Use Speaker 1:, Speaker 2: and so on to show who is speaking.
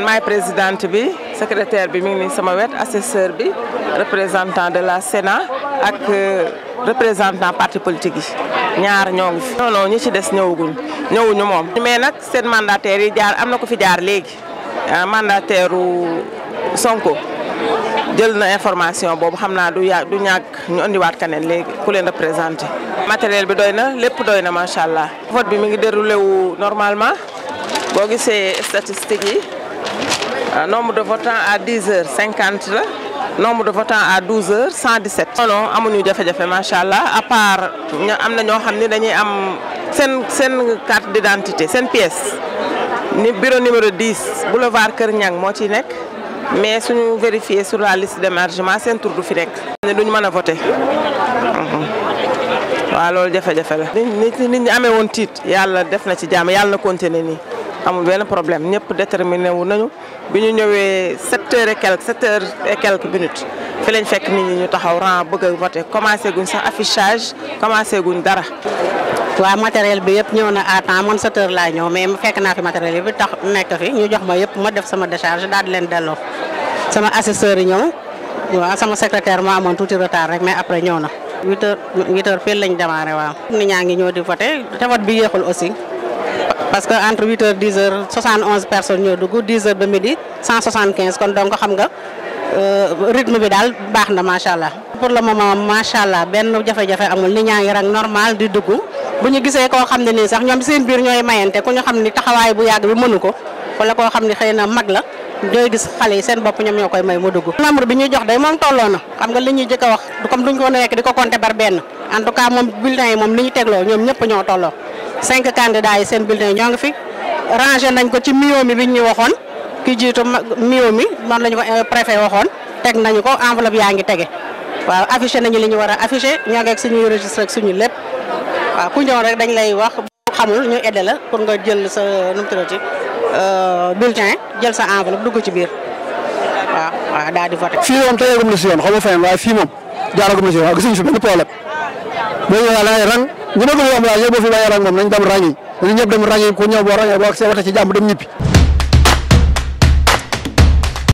Speaker 1: maay présidente bi secrétaire bi mu ngi nii sama wet assesseur bi représentant de la Sénat ak euh, représentant parti politique yi ñaar ñoo ngi fi. non non ñu ci des ñëwaguñ ñëwuñu moom. mais nag seen mandataires yi jaar am na ko fi jaar léegi ah, mandataire u Sonko jël na information boobu xam naa du ya du ñàkk ñu andiwaat keneen léegi ku leen représenté. matériel bi doy na lépp doy na macha allah. vote bi mi ngi déroulé normalement boo gisee statistiques yi. Euh, nombre de votants à dix heures cinquante la nombre de votants à 12 heures 117. non non amuñu jafe-jafe macha allah à part am na ñoo xam ne dañuy am seen seen carte d' identité seen pièce ni bureau numéro 10 boulevard Kër Ñang moo ciy nekk mais suñu vérifier sur la liste d' émargement seen tur du fi nekk. ne duñ mën a voté. Mm-hmm. waaw loolu jafe-jafe la. nit ñi nit amee woon tiit yàlla def na ci jàmm yàlla na continuer nii. amul benn problème ñëpp déterminé wu nañu bi ñu ñëwee sept heures et quelques sept heures et quelques minutes fi lañ fekk ni ñu taxaw rang bëgg a voté commencé guñ sax affichage commencé guñ dara. waa matériel bi yëpp ñëw na à temps man sept laa ñëw
Speaker 2: mais fekk naa fi matériel bi tax nekk fi ñu jox ma yëpp ma def sama décharge daal di leen delloo sama assesseur yi ñëw waaw sama secrétaire moo amoon tuuti retard rek mais après ñëw na. huit heures huit heures fii lañ démarré waaw. nit ñaa ngi parce que entre huit heures dix heures soixante onze personnes ñoo dugg dix heures ba midi cent soixante quinze kon donc xam nga euh, rythme bi daal baax na macha allah. pour le moment macha allah benn jafe-jafe amul nit ñaa ngi rek normal di dugg bu ñu gisee koo xam ne nii sax ñoom seen biir ñooy mayante ku ñu xam ni taxawaay bu yàgg bi mënu ko wala koo xam ne xëy na mag la. dooy gis xale yi seen bopp ñoom ñoo koy may mu dugg nombre bi ñuy jox day moom a wax comme duñ ko nekk di ko compter bar benn en tout cas moom bulletin yi moom ñoom ñëpp ñoo tolloo cinq candidats yi seen bulletin ñoo ngi fi rangé nañ ko ci Miomi bi ñu waxoon ki jiitu Miomi man la ñu ko euh, préfet waxoon teg nañu ko enveloppe yaa ngi tege waaw affiché nañu li ñu war a affiché ñoo ngi ak suñuy registre ak suñu lépp waaw ku ñëw rek dañ lay wax xamul ñu aidé la pour nga jël sa nu mu tuddati euh, bulletin jël sa enveloppe dugg ci biir waaw waaw daal di voté. fii moom teyagum na si yoon xaw ma waaye fii moom a na si yoon waaw gis fi benn problème boo ñu bëgg lu am laaj yëpp boo fi bàyyi rangom nañ rangi dañu ñëpp ku ñëw boo rangee boo ak ci jàmm dem ñibbi